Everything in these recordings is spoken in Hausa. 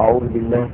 أعوذ بالله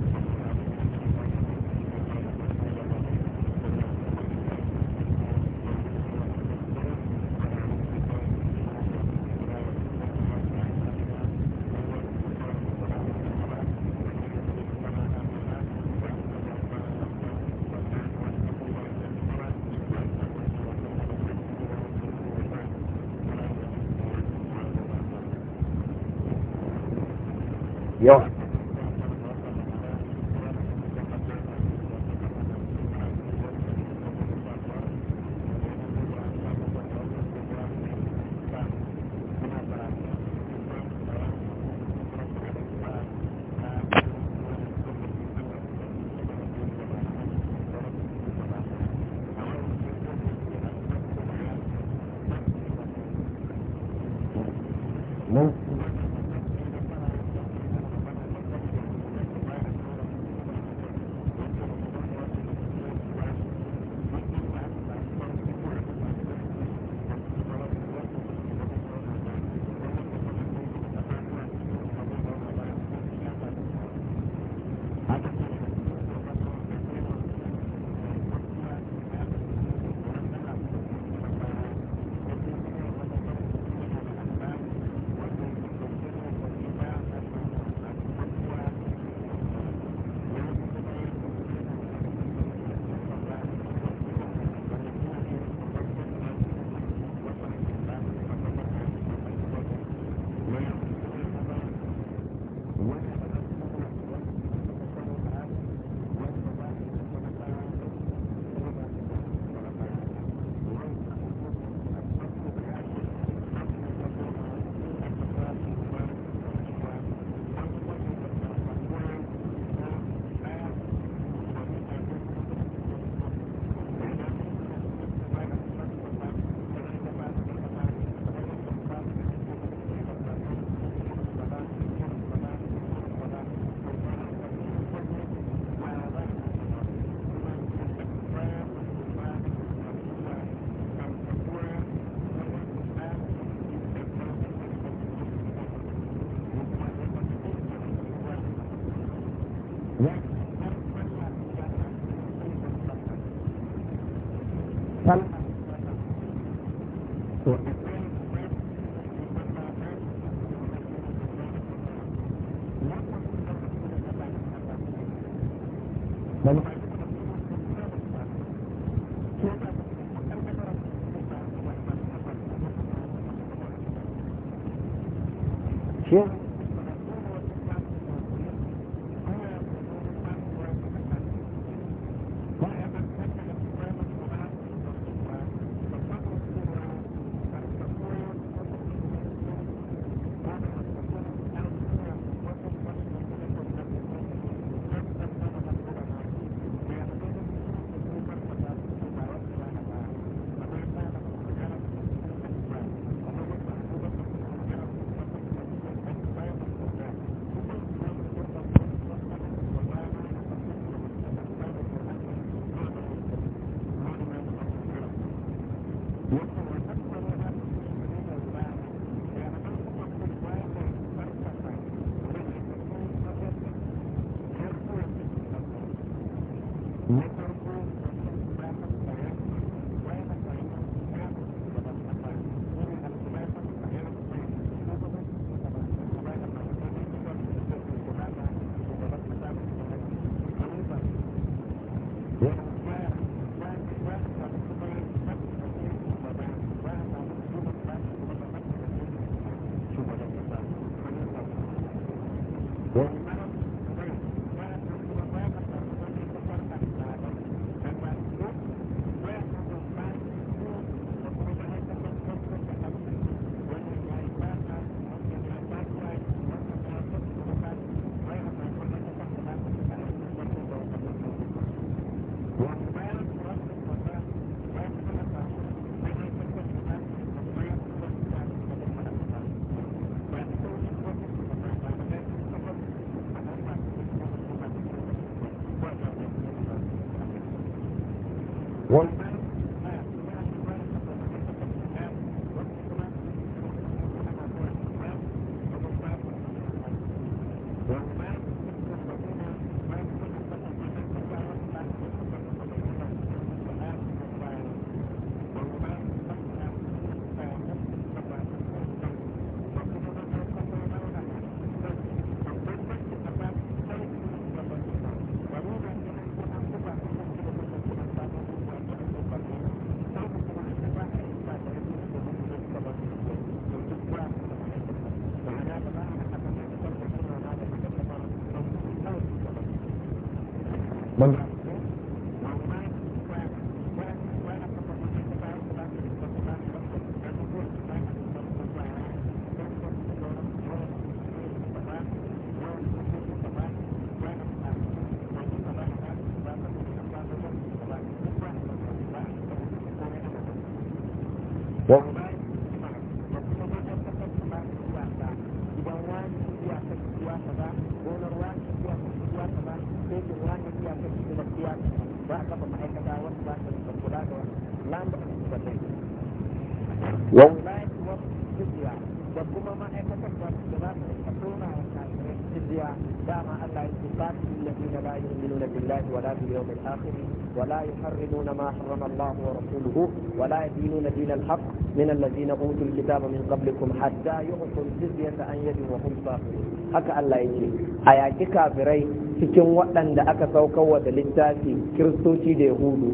ولا يدينون دين الحق من الذين أوتوا الكتاب من قبلكم حتى يعطوا الجزية عن يد وهم صاغرون هكا الله يجي أياكي كافرين cikin waɗanda aka saukarwa da littafi kiristoci da yahudu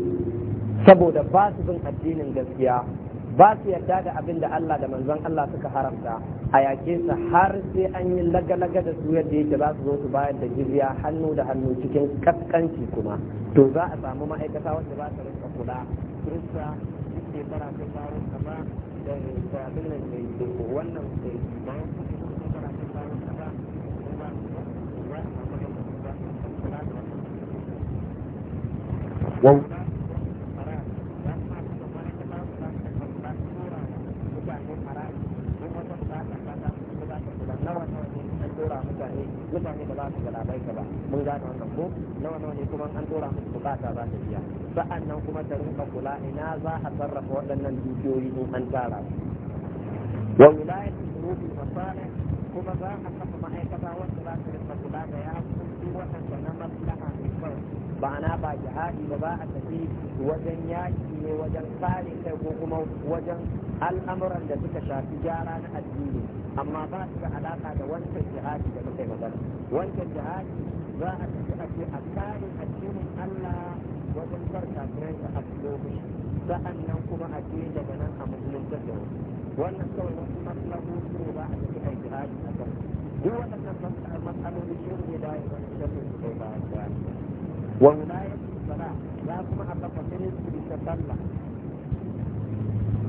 saboda ba su bin addinin gaskiya ba su yarda da abin da Allah da manzon Allah suka haramta a yake su har sai an yi lagalaga da su yadda yake za su zo su bayar da jizya hannu da hannu cikin kaskanci kuma to za a samu ma'aikata wanda ba su rinka kula kirista shekara ta faru kama da abin nan da wannan da bayan shekara ta faru tura mutane mutane ba za su labai ka ba mun gane wannan ko nawa nawa ne kuma an tura musu bukata za ta biya sa'annan kuma ta rinka kula ina za a sarrafa waɗannan dukiyoyi in an tara su wa wilayat shurufin masale kuma za a kafa ma'aikata wanda za su rinka kula da ya kunci waɗanda na maslaha mai kyau ma'ana ba jihadi ba za a tafi wajen yaki ne wajen kare kai ko kuma wajen al'amuran da suka shafi gyara na addini amma ba su da alaka da wancan jihadi da muka yi magana wancan jihadi za a tafi a ce a kare addinin Allah wajen farka kiransa a lokaci sa'an nan kuma a je daga nan a musulunta da wasu wannan kawai wasu maslahohi ne ba a tafi a jihadi a kan duk waɗannan matsaloli shi ne da ya wani shirin su kai ba a jihadi wallahi sala za kuma a kafa ministry ta sallah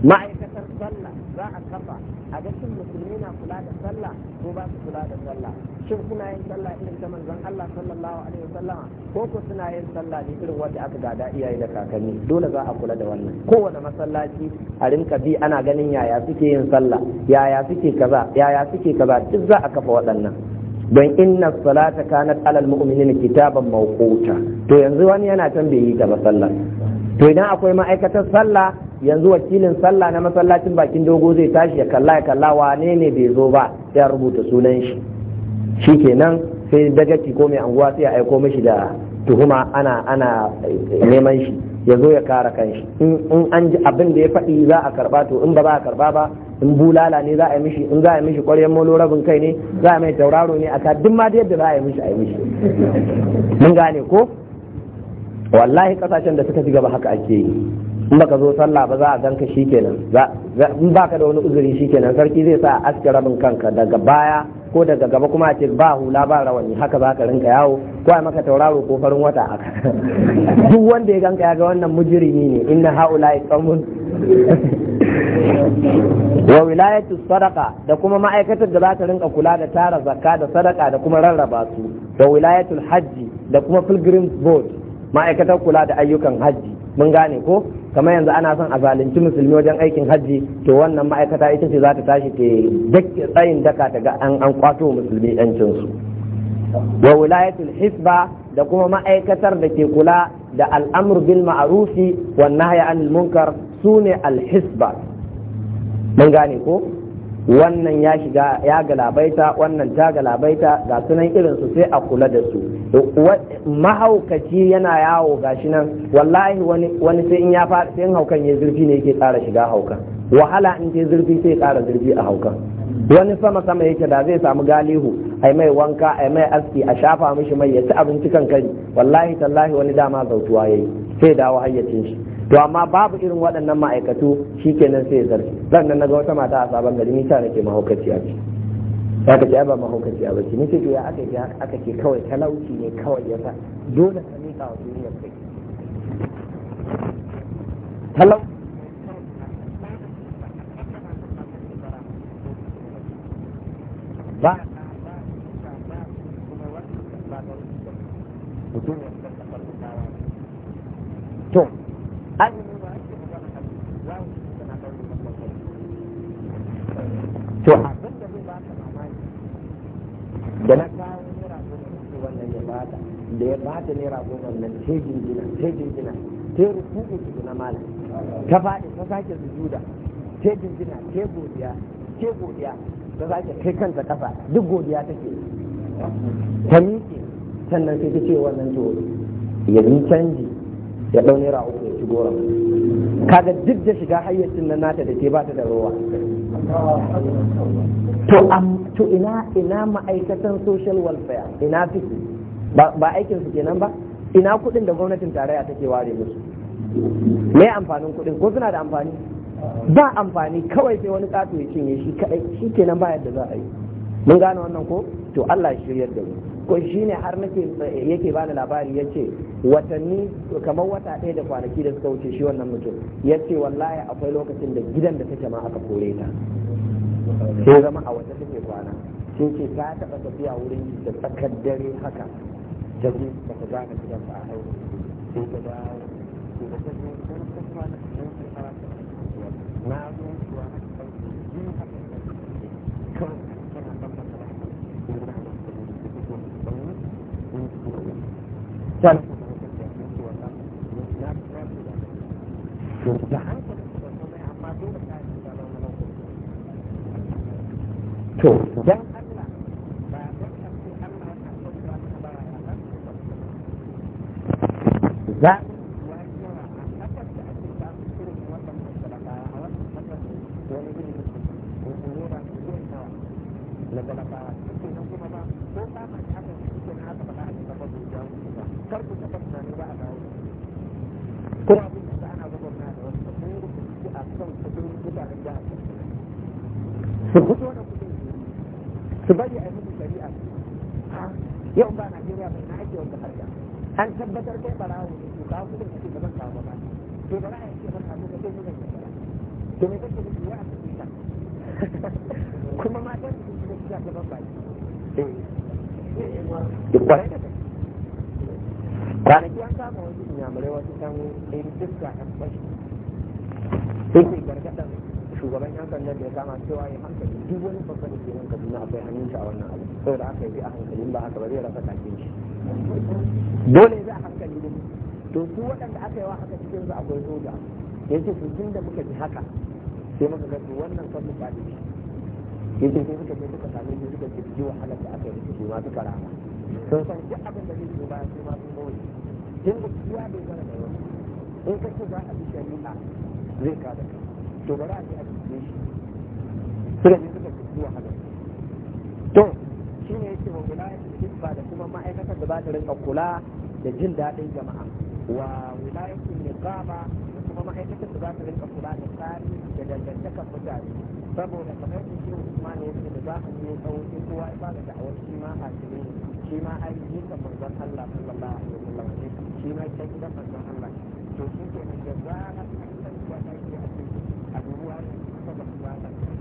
ma'aikatar sallah za a kafa a ga shin musulmi na kula da sallah ko ba su kula da sallah shin kuna yin sallah irin ta manzon Allah sallallahu alaihi wasallama ko ko suna yin sallah ne irin wanda aka gada iyaye da kakanni dole za a kula da wannan kowane masallaci a rinka bi ana ganin yaya suke yin sallah yaya suke kaza yaya suke kaza duk za a kafa waɗannan don inna salata kanat alal mu'minina kitaban mawquta to yanzu wani yana tambayi ga ba to idan akwai ma'aikatar sallah yanzu wakilin sallah na masallacin bakin dogo zai tashi ya kalla ya kalla wane ne bai zo ba ya rubuta sunan shi shikenan sai dagaci ko mai anguwa sai ya aiko mishi da tuhuma ana ana neman shi ya zo ya kara kanshi in an ji abin da ya faɗi za a karba to in ba za a karba ba in bulala ne za a yi mishi in za a yi mishi ƙwaryen molo rabin kai ne za a mai tauraro ne a duk ma da yadda za a yi mishi a yi mishi mun gane ko wallahi kasashen da suka ci gaba haka ake yi in baka zo sallah ba za a ganka shikenan in baka da wani uzuri shikenan sarki zai sa aske rabin kanka daga baya ko daga gaba kuma a ce ba hula ba rawani haka za ka rinka yawo ko a maka tauraro ko farin wata haka duk wanda ya ganka ya ga wannan mujirimi ne inna haula qaumun wa wilayatu sadaqa da kuma ma'aikatar da za ta rinka kula da tara zakka da sadaka da kuma rarraba su da wilayatu hajji da kuma pilgrim board ma'aikatar kula da ayyukan hajji mun gane ko kamar yanzu ana son a zalunci musulmi wajen aikin hajji to wannan ma'aikata ita ce za ta tashi ta tsayin daka ta ga an an kwato musulmi yancin su wa wilayatul hisba da kuma ma'aikatar da ke kula da al'amr bil ma'rufi wan nahyi anil munkar sune al hisba mun gane ko wannan ya shiga ya galabaita wannan ta galabaita ga sunan irin su sai a kula da su mahaukaci yana yawo ga shi nan wallahi wani sai in ya fara sai in haukan ya zurfi ne yake tsara shiga haukan wahala in ce zurfi sai ƙara zurfi a haukan wani sama sama yake da zai samu galihu ai mai wanka ai mai aski a shafa mishi mai ya ci abinci kan kari wallahi tallahi wani dama zautuwa yayi sai dawo hayyacin shi to amma babu irin waɗannan ma'aikatu shikenan sai ya zarce sannan ga wata mata a sabon gari nita nake mahaukaciya ce ya ka ce ba mahaukaci a ce ni ce ya aka ce aka ce kawai talauci ne kawai ya sa dole ka mika wa duniyar kai talau ba ba ba ba ba. to to da na kawo naira goma wannan ya bata da ya bata naira goma nan sai jingina sai jingina ta rukuku su na malam ta faɗi ta sake sujuda ta jingina sai godiya ta godiya ta sake kai kanta kafa duk godiya take ta miƙe sannan sai ta ce wannan to yanzu canji ya ɗau naira uku ya ci goron kaga duk da shiga hayyacin na nata da ke bata da ruwa. to am to ina ina ma'aikatan social welfare ina fiki ba aikin su kenan ba ina kuɗin da gwamnatin tarayya take ware musu me amfanin kuɗin ko suna da amfani ba amfani kawai sai wani kato ya cinye shi kadai shi kenan ba yadda za a yi mun gane wannan ko to Allah ya shiryar da mu ko ne har nake yake bani labari ce watanni kamar wata ɗaya da kwanaki da suka wuce shi wannan mutum ce wallahi akwai lokacin da gidan da take ma aka kore ta sai zama a wata take kwana sun ce ta taɓa tafiya wurin da tsakar dare haka da zai ba ta gane gidan ba a hau sai ta dawo ta na zo kuwa haka kawai چلو inda da muka ji haka sai muka ga wannan kan mu da shi yace sai suka je suka sami shi suka ce ji wahalar da aka yi da ma suka rama sun san duk abin da zai zo ba sai ma sun bauta in ba kuwa bai zara da yau in ka ce za a bi shari'a zai ka da kai to bari a je a cikin shi suka je suka ce ji wahalar to shi ne yake wa ya ce ba da kuma ma'aikatar da ba ta rinka kula da jin daɗin jama'a wa wilayatul niqaba kuma ma'aikatar su za su rinka kula da tsari da dangantakar mutane saboda kamar da shi Usman ya ce da za a yi tsawon sai kowa ya fara da'awar shi ma a cikin shi ma a yi ka manzon Allah sallallahu alaihi wasallam shi ma ta gidan manzon Allah to shi ke da za a san cewa ta yi a cikin abubuwa ne kuma ba su ba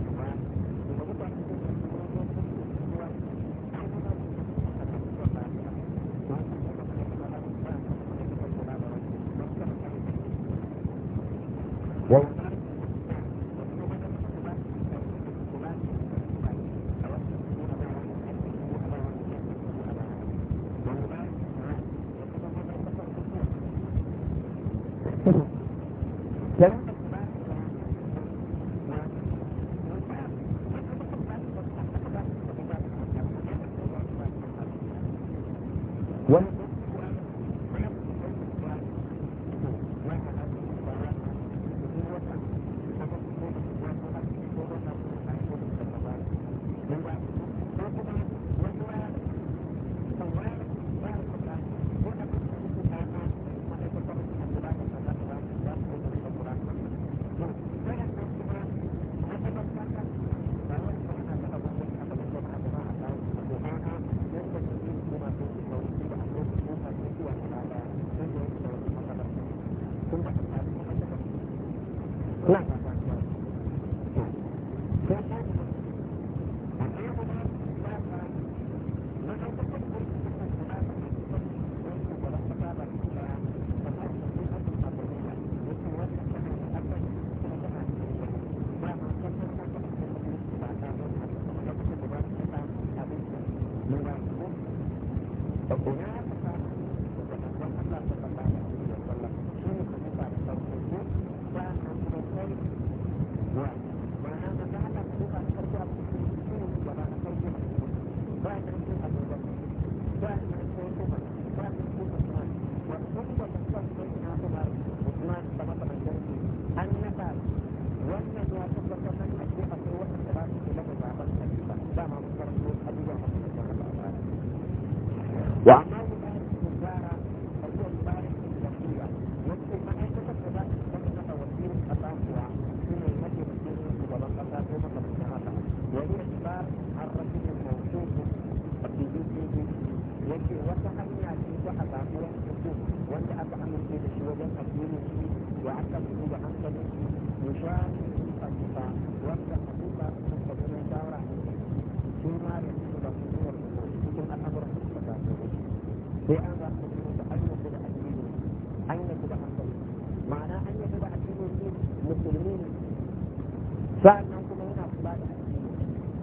sa'annan kuma yana kula da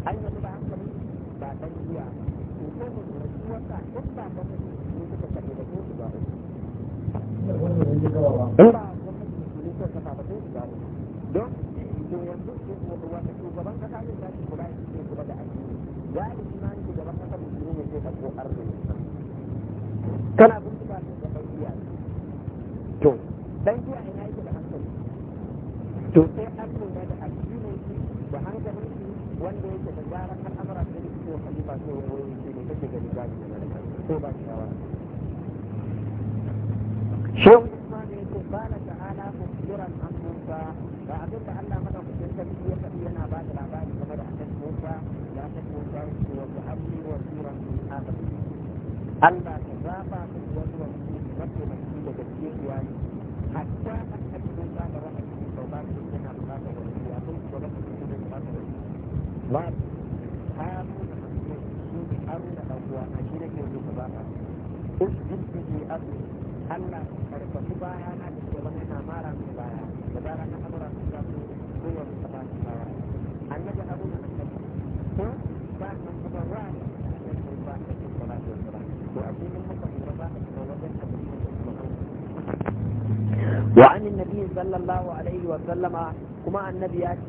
an yi ba hankali ba dan giya to ko ne rasuwar ka in ba ka ne ko suka da ko su ba in ba gwamnati ne ko suka ko su ba don shugaban kasa ne za shi kula da shi kula da addini ya yi imanin shugaban kasa musulmi ne ba sallallahu alaihi wa sallama kuma annabi ya ce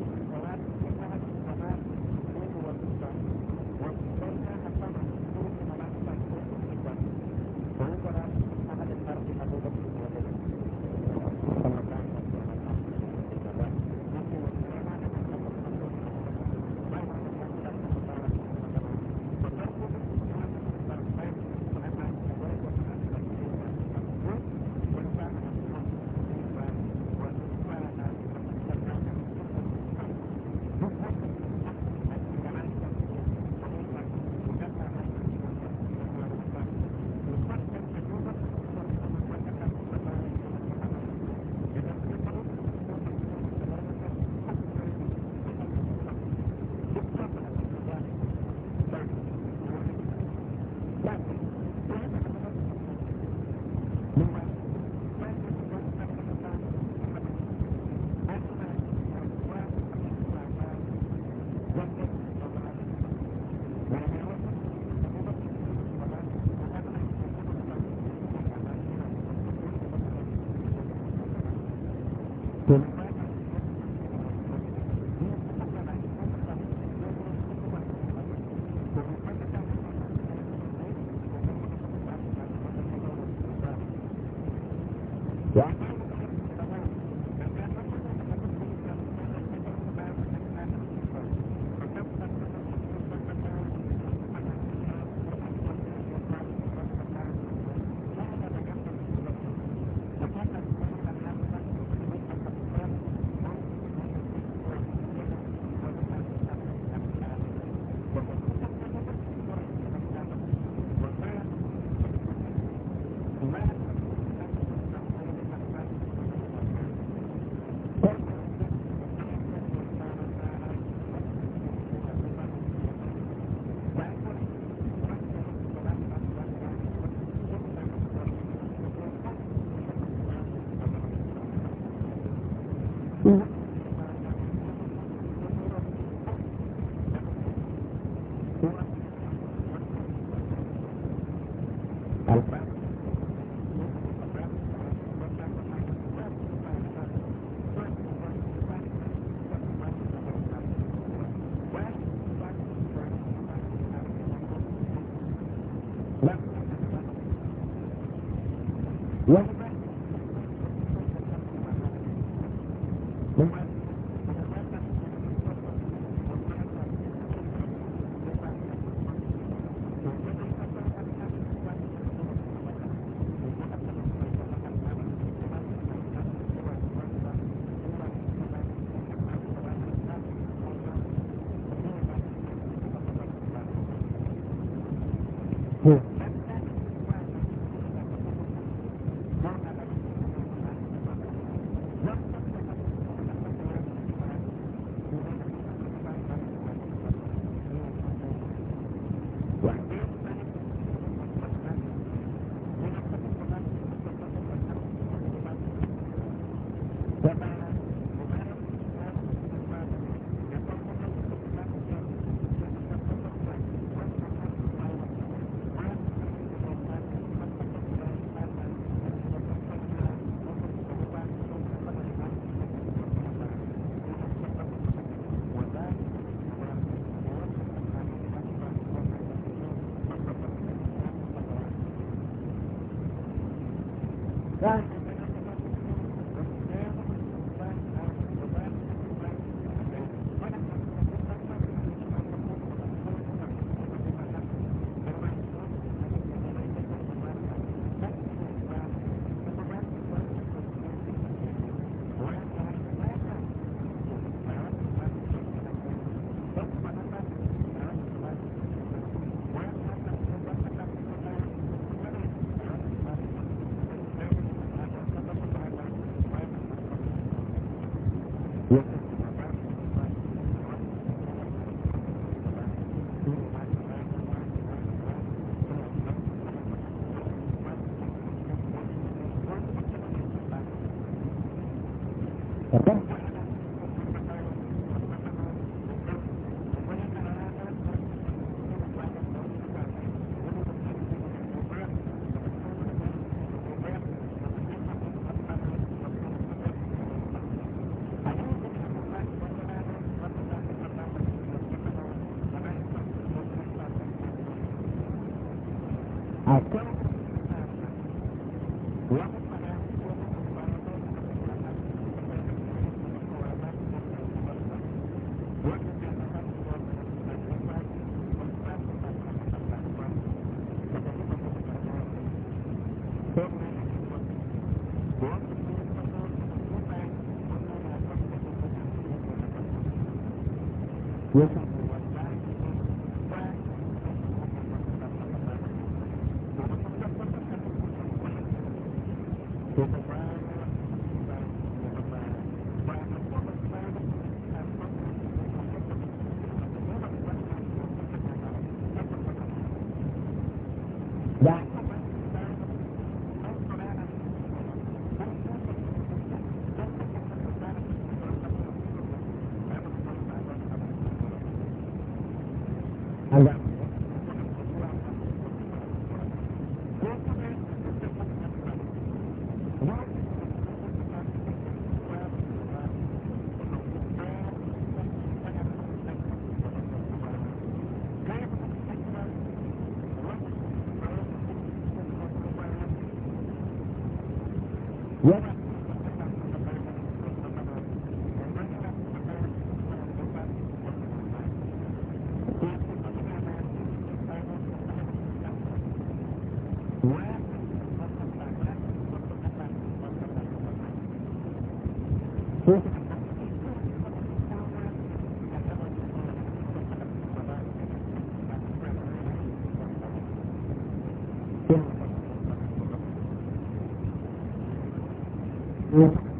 Mm-hmm.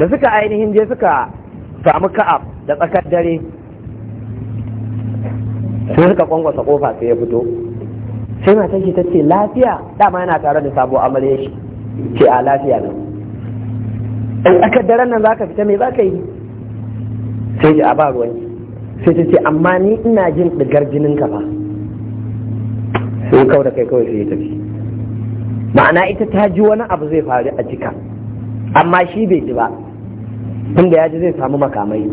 da suka ainihin je suka samu ka'ab da tsakar dare sai suka kwangwasa kofa sai ya fito sai matan shi ta ce lafiya dama yana tare da sabo amarya shi ce a lafiya nan in tsakar daren nan za ka fita me ka yi sai ji a ba ruwan sai ta ce amma ni ina jin digar jinin ka ba. sai kawai da kai kawai sai ya tafi ma'ana ita ta ji wani abu zai faru a jika amma shi bai ji ba tunda ya ji zai samu makamai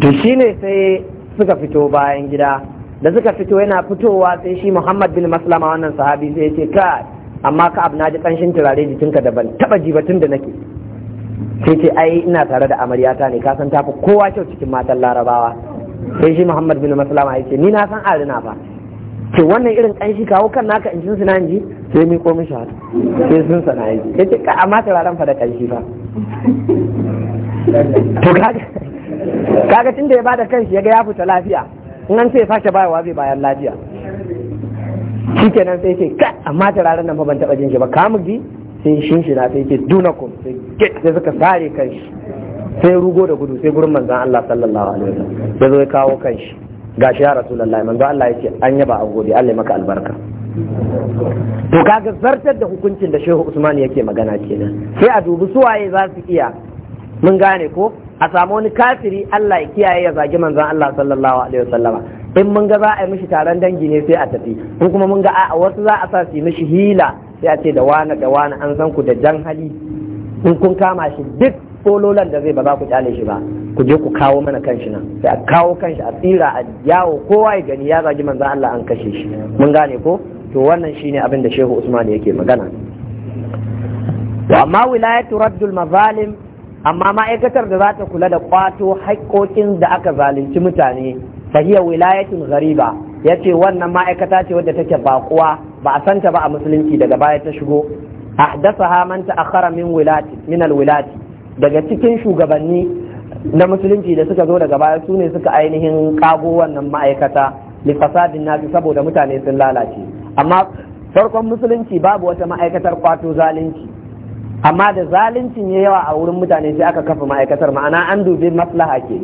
to shine sai suka fito bayan gida da suka fito yana fitowa sai shi muhammad bin maslama wannan sahabi sai ce ka amma ka abu na ji kanshin turare jikinka da ban taba ji batun da nake sai ce ai ina tare da amaryata ne ka san tafi kowa kyau cikin matan larabawa sai shi muhammad bin maslama ya ce ni na san arina fa ce wannan irin kanshi kawo kan naka in sun suna ji sai mi komi shi sai sun sana ya ce ka amma turaren fa da kanshi ba. to kaga tun da ya bada kanshi ya ga ya fita lafiya in an ce ya sake bayarwa zai bayar lafiya shi kenan sai ce ka amma turaren nan fa ban taɓa jin shi ba kamugi sai shin shi na sai ce dunakum sai sai suka sare kanshi sai rugo da gudu sai gurin manzan Allah sallallahu alaihi wasallam ya zo ya kawo kanshi gashi ya rasulullahi manzan Allah ya ce an yaba a gode Allah ya maka albarka to kaga zartar da hukuncin da Shehu Usman yake magana kenan sai a dubi suwaye za su iya mun gane ko a samu wani kafiri Allah ya kiyaye ya zagi manzon Allah sallallahu alaihi wasallama in mun ga za a yi mishi taron dangi ne sai a tafi in kuma mun ga a wasu za a sa su yi mishi hila sai a ce da wani da wani an san ku da jan hali in kun kama shi duk fololan da zai ba za ku kyale shi ba ku je ku kawo mana kanshi nan sai a kawo kanshi a tsira a yawo kowa ya gani ya zagi manzon Allah an kashe shi mun gane ko to wannan shine abin da Shehu Usman yake magana wa amma wilayatu raddul mazalim amma ma'aikatar da za ta kula da kwato haƙƙoƙin da aka zalunci mutane fahiya wilayatin ghariba ce wannan ma'aikata ce wadda take bakuwa ba a santa ba a musulunci daga baya ta shigo A man ta'akhkhara min wilati min alwilati daga cikin shugabanni na musulunci da suka zo daga baya sune suka ainihin kago wannan ma'aikata li fasadin nasu saboda mutane sun lalace amma farkon musulunci babu wata ma'aikatar kwato zalunci amma da zaluncin ya yawa a wurin mutane sai aka kafa ma'aikatar ma'ana an dubi maslaha ke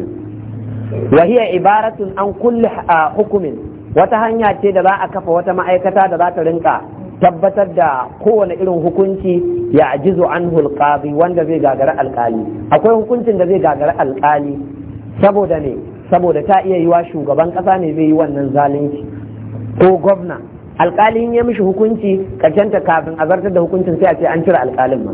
wa hiya ibaratun an kulli hukumin wata hanya ce da za a kafa wata ma'aikata da za ta rinka tabbatar da kowane irin hukunci ya ajizu an hulƙabi wanda zai gagara alƙali akwai hukuncin da zai gagara alƙali saboda ne saboda ta iya yiwa shugaban ƙasa ne zai yi wannan zalunci ko gwamna alƙalin ya mishi hukunci ta kafin a zartar da hukuncin sai a ce an cire alƙalin ma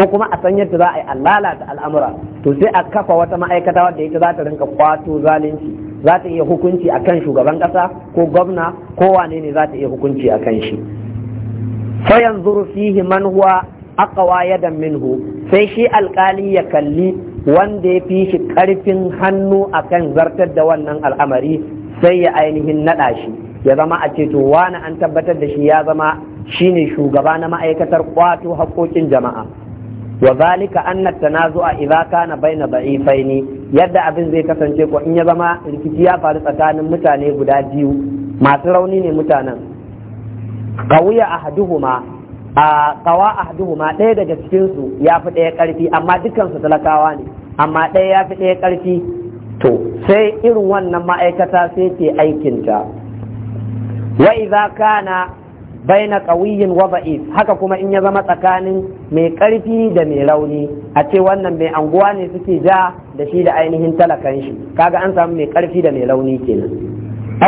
ko kuma a san yadda za a yi lalata al'amura to sai a kafa wata ma'aikata wadda ita za ta rinka kwato zalunci za ta iya hukunci a kan shugaban ƙasa ko gwamna ko wane ne za ta iya hukunci a kan shi fayan zuru fihi man huwa aqwa yadan minhu sai shi alƙali ya kalli wanda ya fi shi ƙarfin hannu akan zartar da wannan al'amari sai ya ainihin naɗa shi ya zama a ce to wani an tabbatar da shi ya zama shine shugaba na ma'aikatar kwato haƙoƙin jama'a wa zalika anna tanazu'a idza kana baina da'ifaini yadda abin zai kasance ko in ya zama rikici ya faru tsakanin mutane guda biyu masu rauni ne mutanen qawiya ahduhuma a qawa ahduhuma ɗaya daga cikin su ya fi ɗaya ƙarfi amma dukkan su talakawa ne amma ɗaya ya fi ɗaya ƙarfi to sai irin wannan ma'aikata sai ke aikinta wa idza kana baina qawiyin wa da'if haka kuma in ya zama tsakanin mai karfi da mai rauni a ce wannan mai anguwa ne suke ja da shi da ainihin talakan shi kaga an samu mai karfi da mai rauni kenan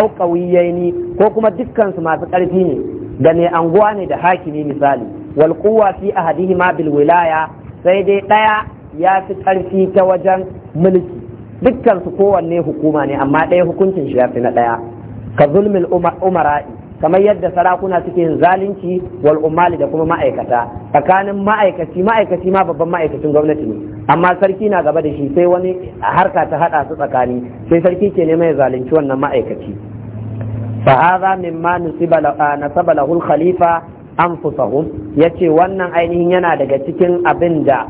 au qawiyaini ko kuma dukkan su masu karfi ne da mai anguwa ne da hakimi misali wal quwwa fi ahadihima bil wilaya sai dai daya ya fi karfi ta wajen mulki dukkan su kowanne hukuma ne amma ɗaya hukuncin shi ya fi na ɗaya ka zulmil umara'i kamar yadda sarakuna suke yin zalunci wal umali da kuma ma'aikata tsakanin ma'aikaci ma'aikaci ma babban ma'aikacin gwamnati ne amma sarki na gaba da shi sai wani harka ta hada su tsakani sai sarki ke neman ya zalunci wannan ma'aikaci fa hadha mimma nasaba lahu khalifa anfusahum yace wannan ainihin yana daga cikin abin da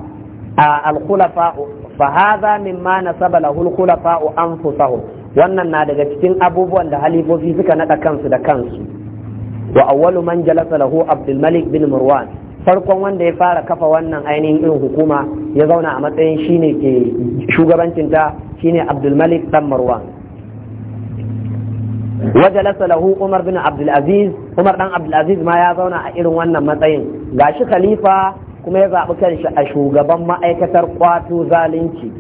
al khulafa fa hadha mimma nasaba lahu al khulafa anfusahum wannan na daga cikin abubuwan da halifofi suka naɗa kansu da kansu wa awwalu man jalasa lahu abdul malik bin marwan farkon wanda ya fara kafa wannan ainihin irin hukuma ya zauna a matsayin shine ke shugabancinta shine abdul malik dan marwan Jalasa lahu umar bin abdulaziz umar dan abdulaziz ma ya zauna a irin wannan matsayin gashi khalifa kuma ya zaɓi kanshi a shugaban ma'aikatar kwato zalunci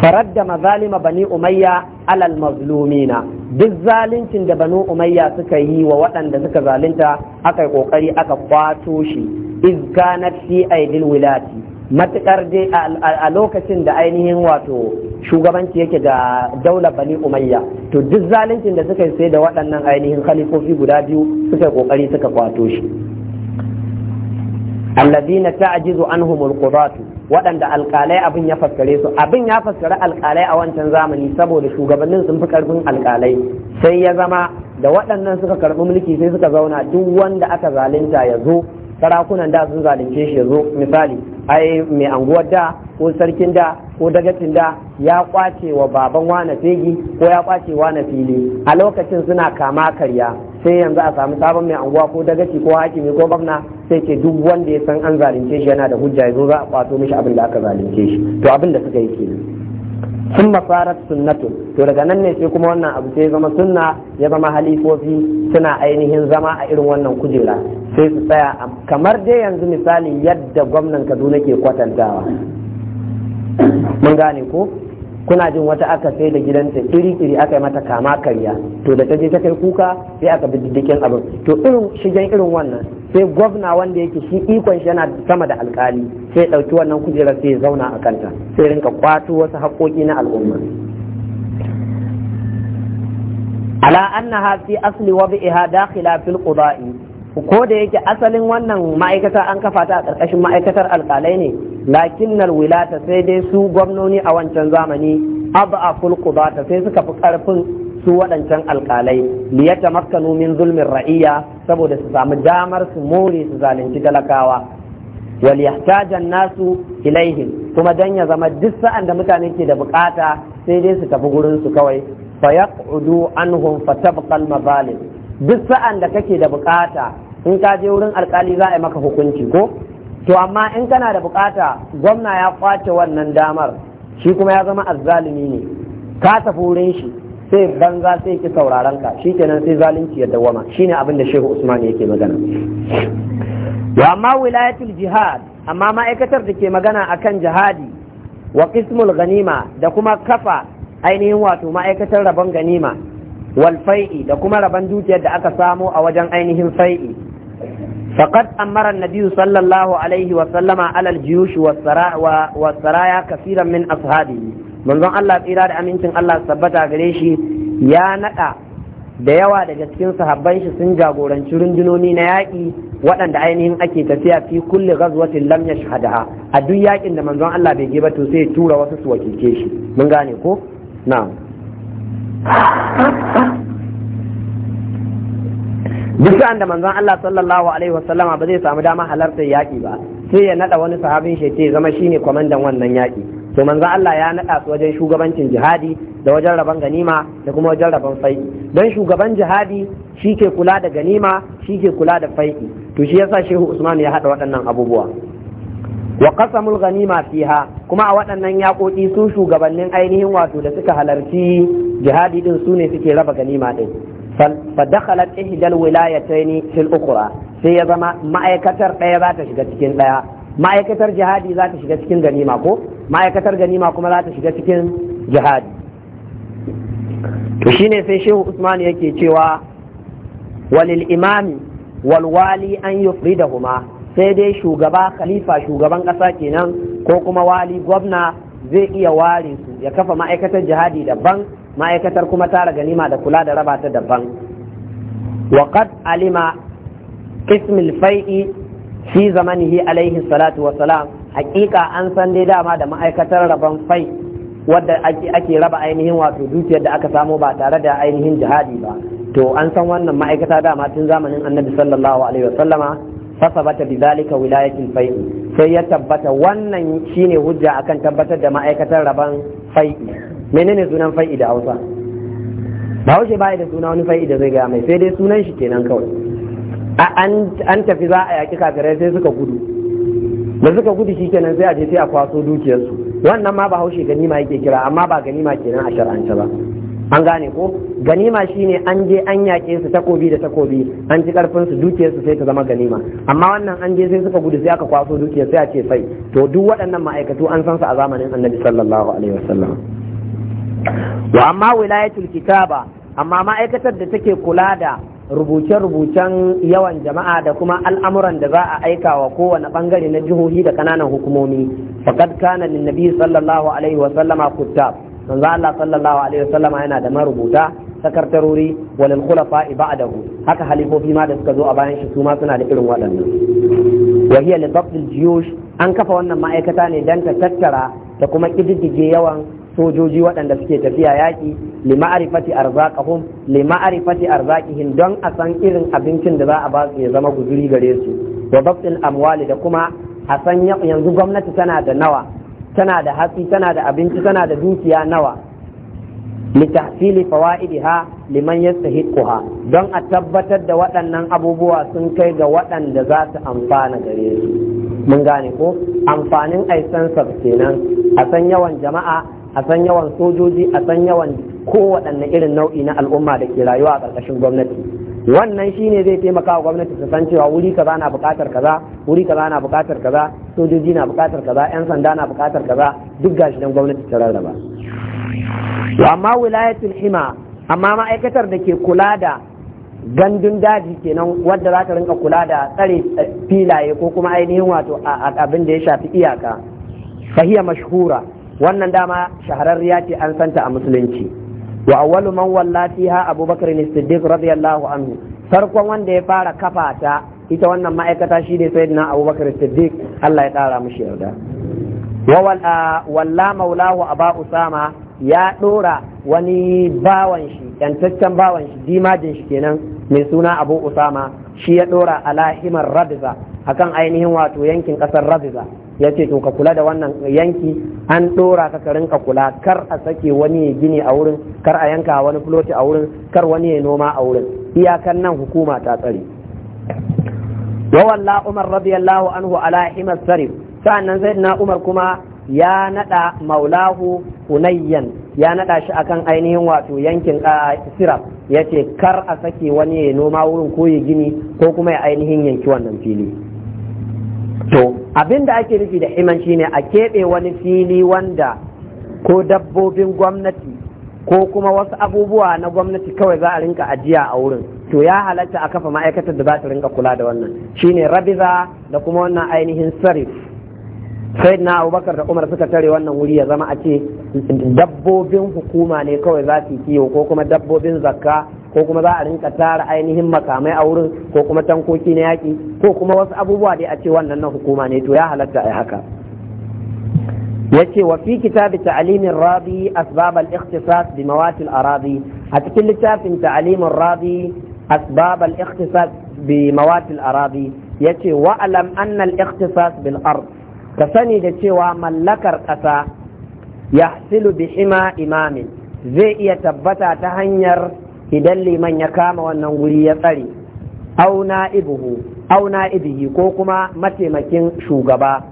faradda mazalima bani umayya alal mazlumina duk zaluncin da bani umayya suka yi wa waɗanda suka zalunta aka yi ƙoƙari aka kwato shi iz kanat fi aidil wilati matukar dai a lokacin da ainihin wato shugabanci yake da daular bani umayya to duk zaluncin da suka yi sai da waɗannan ainihin khalifofi guda biyu suka yi ƙoƙari suka kwato shi alladina ta'jizu anhumul qudatu waɗanda alƙalai abin ya faskare su abin ya faskare alƙalai a wancan zamani saboda shugabannin sun fi ƙarfin alƙalai sai ya zama da waɗannan suka karɓi mulki sai suka zauna duk wanda aka zalunta ya zo sarakunan da sun zalunce shi ya zo misali ai mai anguwar da ko sarkin da ko dagacin da ya kwace wa baban wane fegi ko ya kwace wane fili a lokacin suna kama karya sai yanzu a samu sabon mai anguwa ko dagaci ko hakimi ko gwamna sai ke duk wanda ya san an zalunce shi yana da hujja za a kwato mishi abin da aka zalunce shi to abin da suka yi kenan sun masarat sunnatu to daga nan ne sai kuma wannan abu sai ya zama sunna ya zama halifofi suna ainihin zama a irin wannan kujera sai su tsaya kamar dai yanzu misali yadda gwamnan Kaduna ke kwatantawa mun gane ko kuna jin wata aka sai da gidanta iri-iri aka yi mata kama karya to da ta je ta kai kuka sai aka bi diddikin abin to irin shigen irin wannan sai gwamna wanda yake shi ikon shi yana sama da alkali sai ɗauki wannan kujerar sai zauna a kanta sai rinka kwato wasu haƙoƙi na al'umma ala annaha fi asli wadi'iha dakhila fil quda'i ko da yake asalin wannan ma'aikata an kafa ta a ƙarƙashin ma'aikatar alkalai ne lakinnal wilata sai dai su gwamnoni a wancan zamani abu a ta sai suka fi karfin su waɗancan alƙalai liyata makkanu min zulmin ra'iya saboda su samu damar su more su zalunci talakawa wal yahtajan nasu ilaihim kuma dan ya zama duk sa'an da mutane ke da bukata sai dai su tafi gurin su kawai fa yaqudu anhum fa al mazalim duk sa'an da kake da bukata in ka je wurin alkali za a yi maka hukunci ko to amma in kana da bukata gwamna ya kwace wannan damar shi kuma ya zama azzalimi ne ka tafi wurin shi sai banza sai ki sauraron ka shi kenan sai zalunci ya dawama shine abin da Shehu Usman yake magana wa amma wilayatul jihad amma ma'aikatar da ke magana akan jihadi wa qismul ganima da kuma kafa ainihin wato ma'aikatar rabon ganima wal fai'i da kuma rabon dukiyar da aka samo a wajen ainihin fai'i faqad amara Nabiyu nabiy sallallahu alaihi wa sallama min ashabihi manzon Allah tsira da amincin Allah sabbata gare shi ya naɗa da yawa daga cikin sahabban shi sun jagoranci rundunoni na yaƙi waɗanda ainihin ake tafiya fi kulli ghazwatin lam yashhadaha a duk yaƙin da manzon Allah bai je ba to sai tura wasu su wakilce shi mun gane ko na'am duk da manzon Allah sallallahu alaihi wasallama ba zai samu dama halartar yaki ba sai ya nada wani sahabin shi ya zama shine kwamandan wannan yaki to manzon Allah ya nada su wajen shugabancin jihadi da wajen rabon ganima da kuma wajen rabon fai don shugaban jihadi shi ke kula da ganima shi ke kula da fai to shi yasa shehu Usman ya hada waɗannan abubuwa wa qasamul ganima fiha kuma a waɗannan yaƙoƙi su shugabannin ainihin wato da suka halarci jihadi din su ne suke raba ganima din فدخلت إحدى الولايتين في الأخرى sai ya zama ma'aikatar ɗaya za ta shiga cikin ɗaya ma'aikatar jihadi za ta shiga cikin ganima ko ma'aikatar ganima kuma za ta shiga cikin jihadi to shine sai shehu usman yake cewa walil imami wal wali an yufridahuma sai dai shugaba khalifa shugaban ƙasa kenan ko kuma wali gwamna zai iya ware su ya kafa ma'aikatar jihadi daban ma'aikatar kuma tara ganima da kula da raba ta daban wa qad alima al fai'i fi zamanihi alayhi salatu wa salam hakika an san dai dama da ma'aikatar rabon fai wadda ake raba ainihin wato dukiyar da aka samo ba tare da ainihin jihadi ba to an san wannan ma'aikata dama tun zamanin annabi sallallahu alaihi wa sallama fasabata bidhalika wilayatul fai sai ya tabbata wannan shine hujja akan tabbatar da ma'aikatar raban fai menene sunan fa'ida da hausa ba wuce ba da suna wani fa'ida da zai gaya mai sai dai sunan shi kenan kawai an tafi za a yaki kafirai sai suka gudu da suka gudu shi kenan sai a je sai a kwaso dukiyarsu wannan ma ba haushe ganima yake kira amma ba ganima kenan a shar'ance ba an gane ko ganima shine an je an yaƙe su takobi da takobi an ci karfin su dukiyar su sai ta zama ganima amma wannan an je sai suka gudu sai aka kwaso dukiyar sai a ce sai to duk waɗannan ma'aikatu an san su a zamanin annabi sallallahu alaihi wasallam wa amma wilayatul kitaba amma ma'aikatar da take kula da rubuce-rubucen yawan jama'a da kuma al'amuran da za a aika wa kowane bangare na jihohi da kananan hukumomi faqad kana lin nabi sallallahu alaihi wa sallama kuttab manzo Allah sallallahu alaihi wa sallama yana da marubuta sakartarori walil khulafa ba'dahu haka halifofi ma da suka zo a bayan shi su ma suna da irin waɗannan wa hiya li jiyush an kafa wannan ma'aikata ne dan ta tattara da kuma kididdige yawan sojoji waɗanda suke tafiya yaƙi li ma'arifati arzaqahum li ma'arifati arzaqihim don a san irin abincin da za a ba su ya zama guzuri gare su wa babtil amwali da kuma a san yanzu gwamnati tana da nawa tana da hatsi tana da abinci tana da dukiya nawa li tahsili fawaidiha liman yastahiquha don a tabbatar da waɗannan abubuwa sun kai ga waɗanda za su amfana gare su mun gane ko amfanin aisan kenan a san yawan jama'a a san yawan sojoji a san yawan kowaɗanne irin nau'i na al'umma da ke rayuwa a ƙarƙashin gwamnati wannan shi ne zai taimaka wa gwamnati ta san cewa wuri kaza na buƙatar kaza wuri kaza na buƙatar kaza sojoji na buƙatar kaza yan sanda na buƙatar kaza duk gashi dan gwamnati ta rarraba amma wilayatul hima amma ma'aikatar da ke kula da gandun daji kenan wadda za ta rinka kula da tsare filaye ko kuma ainihin wato abin da ya shafi iyaka fahiya mashhura wannan dama shahararriya ce an santa a musulunci wa awwalu man wallatiha abubakar siddiq radiyallahu anhu farkon wanda ya fara kafa ta ita wannan ma'aikata shine sayyidina abubakar siddiq Allah ya kara mishi yarda wa walla maulahu aba usama ya dora wani bawan shi yantaccen bawan shi dimajin shi kenan mai suna abu usama shi ya dora alahimar radiza akan ainihin wato yankin kasar radiza ya ce to ka kula da wannan yanki an ɗora ka ka rinka kula kar a sake wani ya gini a wurin kar a yanka wani floti a wurin kar wani ya noma a wurin iyakan nan hukuma ta tsare wa walla umar radiyallahu anhu ala himar sarif sa'annan sayyidina umar kuma ya nada maulahu hunayyan ya nada shi akan ainihin wato yankin siraf ya ce kar a sake wani ya noma wurin ko ya gini ko kuma ya ainihin yanki wannan fili to abin da ake nufi da himan shine a keɓe wani fili wanda ko dabbobin gwamnati ko kuma wasu abubuwa na gwamnati kawai za a rinka ajiya a wurin to ya halatta a kafa ma'aikatar da za ta rinka kula da wannan shine rabiza da kuma wannan ainihin sarif sai na abubakar da umar suka tare wannan wuri ya zama a ce dabbobin hukuma ne kawai za su kiwo ko kuma dabbobin zakka ko kuma za a rinka tara ainihin makamai a wurin ko kuma tankoki na yaƙi ko kuma wasu abubuwa dai a ce wannan na hukuma ne to ya halatta a haka yace wa fi kitabi ta'limin rabi asbab ikhtisas bi mawat Arabi. a cikin littafin ta'limin rabi asbab al-ikhtisas bi mawat Arabi ya yace wa alam anna al-ikhtisas bil ard ka sani da cewa mallakar ƙasa yahsilu bi hima imamin zai iya tabbata ta hanyar idan liman ya kama wannan guri ya tsare auna ibuhu auna ibihi ko kuma mataimakin shugaba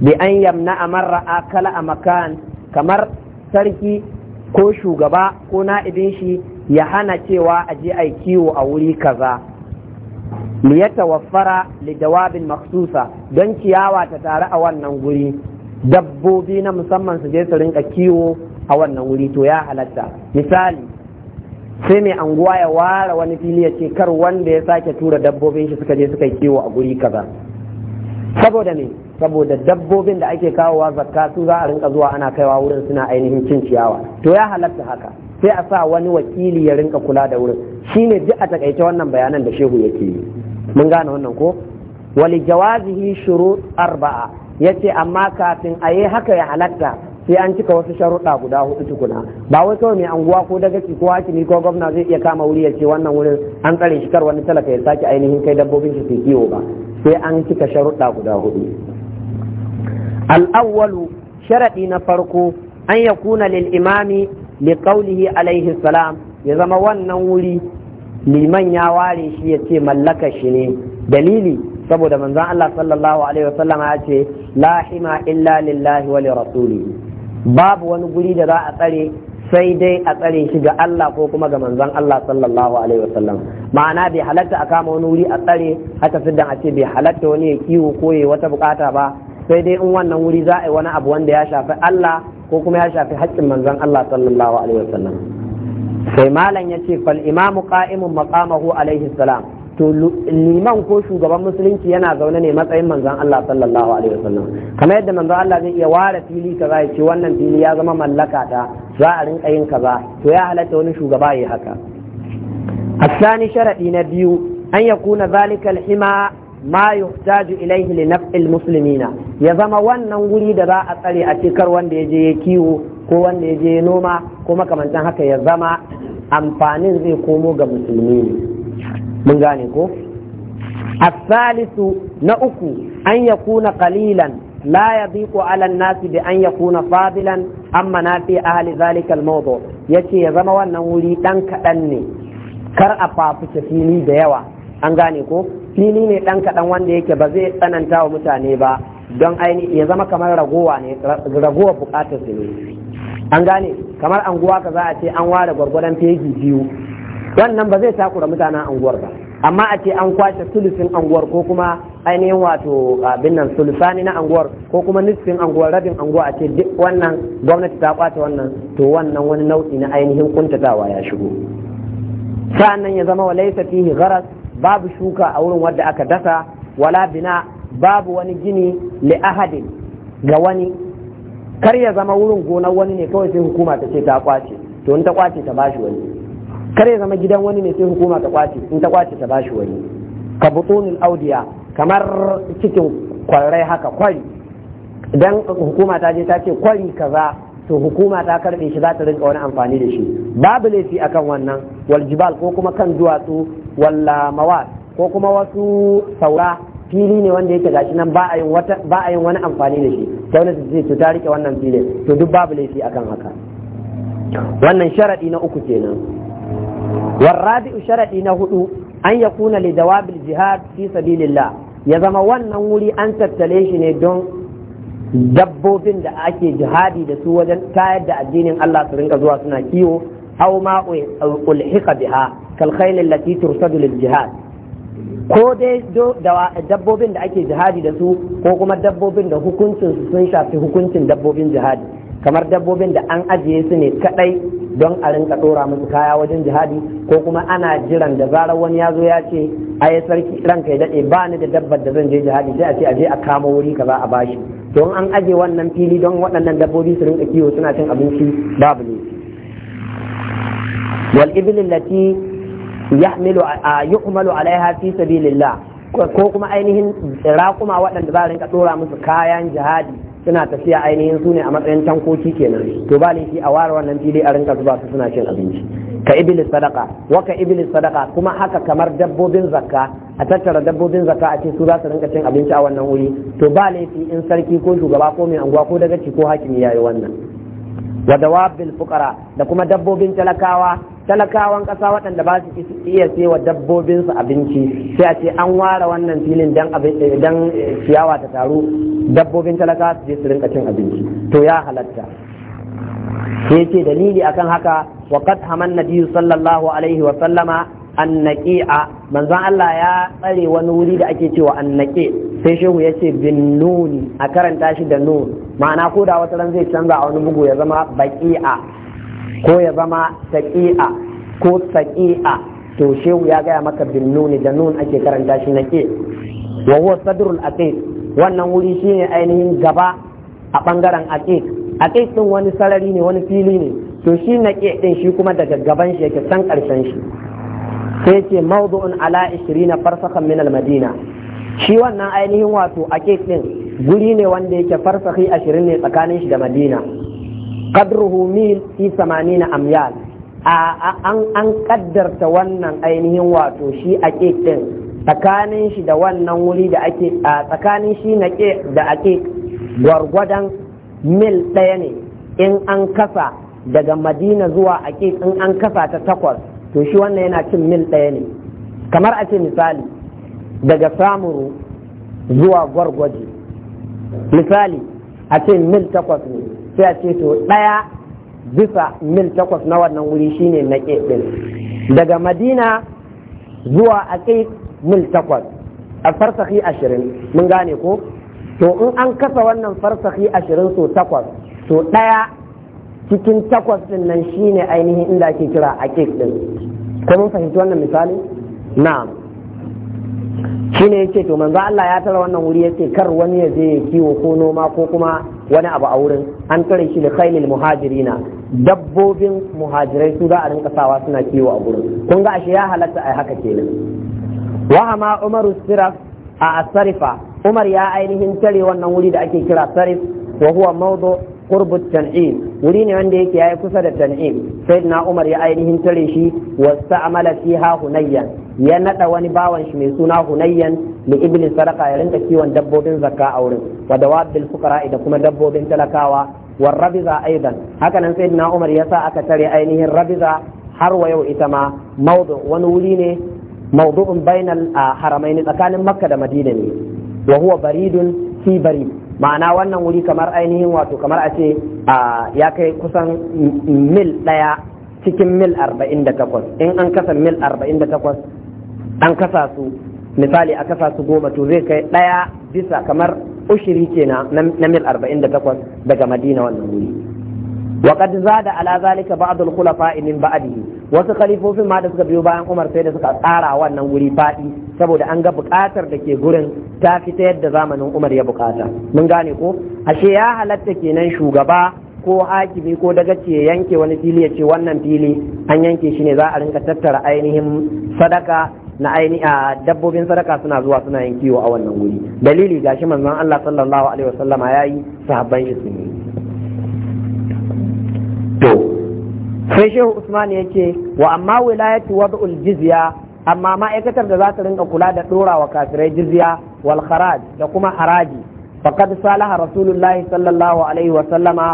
bi an yamna amarra akala a makan kamar sarki ko shugaba ko na'ibin shi ya hana cewa a je a kiwo a wuri kaza li tawaffara li jawabin maksusa don ciyawa ta taru a wannan guri dabbobi na musamman su je su rinka kiwo a wannan wuri to ya halatta misali sai mai anguwa ya ware wani fili ya ce kar wanda ya sake tura dabbobin shi suka je suka yi kiwo a guri kaza saboda ne saboda dabbobin da ake kawowa zakka su za a rinka zuwa ana kaiwa wurin suna ainihin cin ciyawa to ya halatta haka sai a sa wani wakili ya rinka kula da wurin shine duk a takaice wannan bayanan da shehu yake yi mun gane wannan ko wali jawazihi shurut arba'a yace amma kafin a yi haka ya halatta sai an cika wasu sharuɗa guda hudu tukuna ba wai kawai mai anguwa ko dagaci ko hakimi ko gwamna zai iya kama wuri ya ce wannan wurin an tsare shi kar wani talaka ya sake ainihin kai dabbobin shi su kiwo ba sai an cika sharuɗa guda hudu al-awwalu na farko an yakuna lil imami li qawlihi alaihi salam ya zama wannan wuri liman ya ware shi ya ce mallaka shi ne dalili saboda manzon Allah sallallahu alaihi wasallama ya ce la hima illa lillahi wa li rasulihi babu wani guri da za a tsare sai dai a tsare shi ga Allah ko kuma ga manzon Allah sallallahu alaihi wasallam ma'ana bai halatta a kama wani wuri a tsare haka dan a ce bai halatta wani ya kiwo ko ya wata bukata ba sai dai in wannan wuri za a yi wani abu wanda ya shafi Allah ko kuma ya shafi haƙƙin manzon Allah sallallahu alaihi wasallam sai malam ya ce fal imamu qa'imun maqamahu alaihi salam to liman ko shugaban musulunci yana zaune ne matsayin manzon Allah sallallahu alaihi wasallam kamar yadda manzon Allah zai iya ware fili kaza ya ce wannan fili ya zama mallaka ta za a rinka yin kaza to ya halatta wani shugaba ya haka asani sharadi na biyu an yakuna zalikal hima ma yuhtaju ilaihi li naf'il muslimina ya zama wannan guri da za a tsare a cikar wanda ya je ya kiwo ko wanda ya je ya noma ko makamantan haka ya zama amfanin zai komo ga musulmi ne mun gane ko asalisu na uku an ya kuna yakuna qalilan لا يضيق على الناس بأن يكون فاضلا أما نافي zalikal ذلك yace ya zama wannan wuri dan kadan ne kar a fafuce fili da yawa an gane ko fili ne dan kadan wanda yake ba zai tsananta wa mutane ba don aini ya zama kamar ragowa ne ragowa bukatar su ne an gane kamar anguwa ka za a ce an ware gwargwadon fegi biyu wannan ba zai takura mutanen anguwar ba amma a ce an kwace sulusin anguwar ko kuma ainihin wato abin nan sulusani na anguwar ko kuma nisfin anguwar rabin anguwa a ce wannan gwamnati ta kwace wannan to wannan wani nau'i na ainihin kuntatawa ya shigo sa'annan ya zama walaisa fihi gharas babu shuka a wurin wadda aka dasa wala bina babu wani gini li ahadin ga wani kar ya zama wurin gonar wani ne kawai sai hukuma ta ce ta kwace to in ta kwace ta bashi wani kar ya zama gidan wani ne sai hukuma ta kwace in ta kwace ta bashi wani ka butunul audiya kamar cikin kwarai haka kwari idan hukuma ta je ta ce kwari kaza to hukuma ta karbe shi za ta rinka wani amfani da shi babu laifi akan wannan wal jibal ko kuma kan duwatsu walla mawat ko kuma wasu saura fili ne wanda yake gashi nan ba a yin wata ba a yin wani amfani da shi gwamnati ce to ta rike wannan fili to duk babu laifi akan haka wannan sharadi na uku kenan warrabi'u sharadi na hudu an yakuna li dawabil jihad fi sabilillah ya zama wannan wuri an tattale shi ne don dabbobin da ake jihadi da su wajen tayar da addinin Allah su rinka zuwa suna kiwo aw ma ulhiqa biha kal khayl allati tursadu lil jihad ko dai dabbobin da ake jihadi da su ko kuma dabbobin da hukuncin sun shafi hukuncin dabbobin jihadi kamar dabbobin da an ajiye su ne kadai don a rinka dora musu kaya wajen jihadi ko kuma ana jiran da zarar wani ya zo ya ce ai sarki ranka ya dade ba ni da dabbar da zan je jihadi sai a ce a je a kama wuri kaza a bashi don an aje wannan fili don waɗannan dabbobi su rinka kiwo suna cin abinci babu ne wal ibil lati yahmilu yuhmalu alaiha fi sabilillah ko kuma ainihin raƙuma waɗanda za a rinka dora musu kayan jihadi suna tafiya ainihin su ne a matsayin tankoki kenan to ba laifi a ware wannan fili a rinka zuba su suna cin abinci ka iblis sadaka wa ka iblis sadaka kuma haka kamar dabbobin zakka a tattara dabbobin zakka a ce su za su rinka cin abinci a wannan wuri to ba laifi in sarki ko shugaba ko mai anguwa ko dagaci ko hakimi yayi wannan wa dawabil fuqara da kuma dabbobin talakawa talakawan ƙasa waɗanda ba su iya sewa dabbobinsu abinci sai a ce an ware wannan filin don eh, eh, ciyawa ta taru dabbobin talakawa su je su rinka cin abinci to ya halatta sai ce dalili akan haka wa qad haman nabiyyu sallallahu alaihi wa sallama annaqi'a manzon Allah ya tsare wani wuri da ake cewa annaqi sai shehu yace bin nuni a karanta shi da nun ma'ana ko da wata ran zai canza a wani bugu ya zama baqi'a ko ya zama saƙi'a ko saƙi'a to shehu ya gaya maka bin nuni da nun ake karanta shi na ke wa huwa sadrul aqiq wannan wuri shine ainihin gaba a bangaren aqiq aqiq din wani sarari ne wani fili ne to shi na ke din shi kuma daga gaban shi yake san karshen shi sai ce mawdu'un ala 20 farsakan min al-madina shi wannan ainihin wato aqiq din guri ne wanda yake farsakhi 20 ne tsakanin shi da madina qadruhu mil fi 80 amyal an kaddarta wannan ainihin wato shi a din tsakanin shi da wannan wuri da ake a tsakanin shi na ke da ake gwargwadon mil ɗaya ne in an kasa daga madina zuwa ake in an kasa ta takwas to shi wannan yana cin mil ɗaya ne kamar a ce misali daga samuru zuwa gwargwaje misali a ce mil takwas ne sai a ce to ɗaya bisa mil takwas na wannan wuri shine na ɗin daga madina zuwa a mil takwas a farsahi ashirin mun gane ko to in an kasa wannan farsahi ashirin so takwas to ɗaya cikin takwas ɗin nan shine ainihin inda ake kira a ɗin ko mun fahimci wannan misali na'am Shi shine yace to manzo Allah ya tara wannan wuri yace kar wani ya je kiwo ko noma ko kuma wani abu a wurin an tare shi da khailil muhajirina dabbobin muhajirai su za a rinka sawa suna kiwo a gurin kun ga ashe ya halatta ai haka kenan wa ma umaru siraf a asarifa umar ya ainihin tare wannan wuri da ake kira sarif wa huwa mawdu qurbu tan'im wuri ne wanda yake yayi kusa da tan'im sayyidina umar ya ainihin tare shi wasta'mala fiha hunayyan ya naɗa wani bawan shi mai suna hunayyan li ibni sarqa ya rinka kiwon dabbobin zakka a wurin wa dawabil fuqara da kuma dabbobin talakawa war rabiza aidan haka nan sayyidina umar ya sa aka tare ainihin rabiza har wa yau ita ma wani wuri ne mawdu'un bainal haramaini tsakanin makka da madina ne wa huwa baridun fi barid ma'ana wannan wuri kamar ainihin wato kamar a ce ya kai kusan mil ɗaya cikin mil 48 in an kasa mil 48 an kasa su misali a kasa su goma to zai kai ɗaya bisa kamar ushiri kenan na mil 48 daga madina wannan wuri وقد زاد على ذلك بعض الخلفاء من بعده wasu kalifofin ma da suka biyo bayan umar sai da suka tsara wannan wuri faɗi saboda an ga bukatar da ke gurin ta fita yadda zamanin umar ya bukata. mun gane ko ashe ya halatta kenan shugaba ko hakimi ko daga ce yanke wani fili ya ce wannan fili an yanke shi ne za a rinka tattara ainihin sadaka na ainihin dabbobin sadaka suna zuwa suna yin kiwo a wannan wuri dalili gashi manzon Allah sallallahu alaihi wasallama yayi sahabban shi sun yi sai shehu usman ya ce wa amma wilayatu wad'ul jizya amma ma'aikatar da za ta rinka kula da dora wa kafirai jizya wal kharaj da kuma haraji faqad salaha rasulullah sallallahu alaihi wa sallama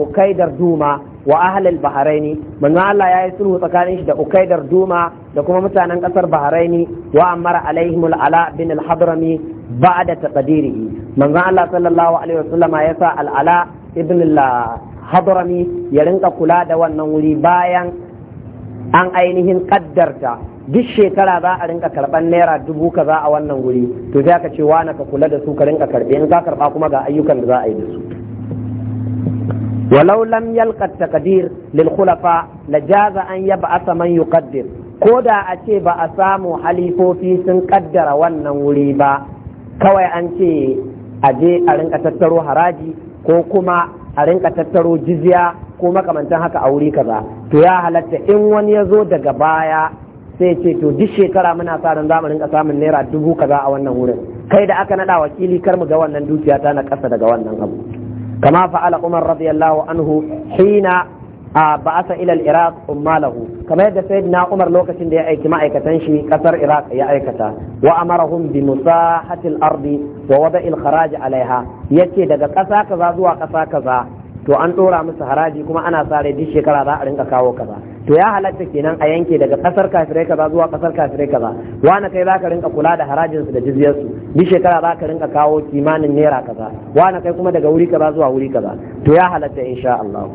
ukaidar duma wa ahlal bahraini manzo Allah ya yi sulhu tsakanin shi da ukaidar duma da kuma mutanen kasar bahraini wa amara alaihim ala bin al hadrami ba'da taqdirihi manzo Allah sallallahu alaihi wa sallama ya sa al ala ibn al hadrami ya rinka kula da wannan wuri bayan an ainihin kaddarta duk shekara za a rinka karban naira dubu kaza a wannan wuri to sai ka ce wani ka kula da su ka rinka karbe in ka karba kuma ga ayyukan da za a yi da su walau lam yalqa taqdir lil khulafa jaza an yab'atha man yuqaddir ko da a ce ba a samu halifofi sun kaddara wannan wuri ba kawai an ce a je a rinka tattaro haraji ko kuma a rinka tattaro jizya ko makamantan haka a wuri kaza to ya halatta in wani ya zo daga baya sai ce to duk shekara muna sa ran zamu rinka samun naira dubu kaza a wannan wurin kai da aka nada wakili kar mu ga wannan dukiya ta na kasa daga wannan abu kama fa'ala Umar radiyallahu anhu hina a ba'asa ilal iraq ummalahu kamar yadda na umar lokacin da ya aiki ma'aikatan shi kasar iraq ya aikata wa amarahum bi musahatil ardi wa wada'il kharaj alaiha yace daga kasa kaza zuwa kasa kaza to an ɗora musu haraji kuma ana sa rai duk shekara za a rinka kawo kaza to ya halatta kenan a yanke daga kasar kafirai kaza zuwa kasar kafirai kaza wani kai za ka rinka kula da harajin su da jizyar su duk shekara za ka rinka kawo kimanin naira kaza wani kai kuma daga wuri kaza zuwa wuri kaza to ya halatta insha Allah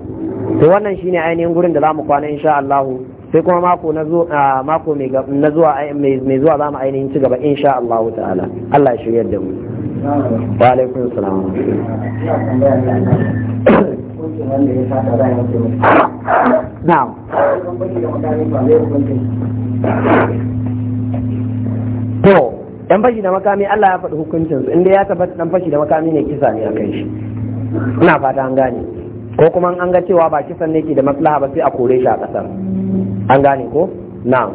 to wannan shine ainihin gurin da zamu kwana insha Allah sai kuma mako na zo mako mai na zuwa mai zuwa zamu ainihin ci gaba insha Allah ta'ala Allah ya shirya da mu wa alaikum salam na'am to dan fashi da makami Allah ya faɗi hukuncinsu inda ya tabbata ɗan fashi da makami ne kisa ne a kai shi ina fata an gane ko kuma an ga cewa ba kisan ne ke da maslaha ba sai a kore shi a kasar an gane ko na'am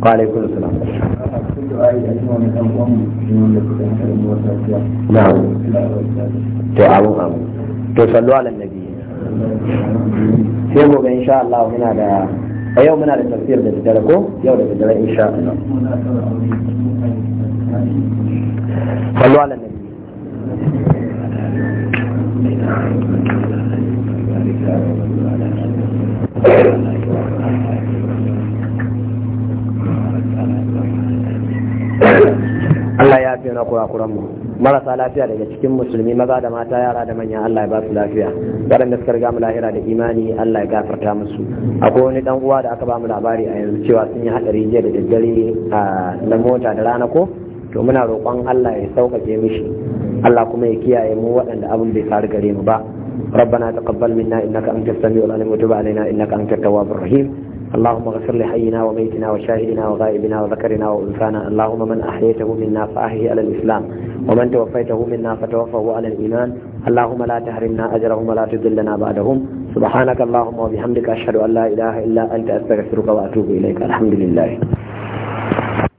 wa alaikum salam na'am to abun abun to sallu ala nabi sai gobe insha Allah muna da a yau muna da tafsir da daddare ko yau da daddare insha Allah sallu ala nabi Thank you. Allah ya fi na kurakuran mu marasa lafiya daga cikin musulmi maza da mata yara da manya Allah ya ba su lafiya waɗanda suka riga mu lahira da imani Allah ya gafarta musu akwai wani dan uwa da aka ba mu labari a yanzu cewa sun yi hadari jiya da daddare na mota da rana ko to muna roƙon Allah ya sauƙaƙe mishi Allah kuma ya kiyaye mu waɗanda abin bai faru gare mu ba ربنا تقبل منا انك انت السميع العليم وتب علينا انك انت التواب الرحيم اللهم اغفر لحينا وميتنا وشاهدنا وغائبنا وذكرنا وانثانا اللهم من احييته منا فاحيه على الاسلام ومن توفيته منا فتوفه على الايمان اللهم لا تحرمنا اجرهم ولا تذلنا بعدهم سبحانك اللهم وبحمدك اشهد ان لا اله الا انت استغفرك واتوب اليك الحمد لله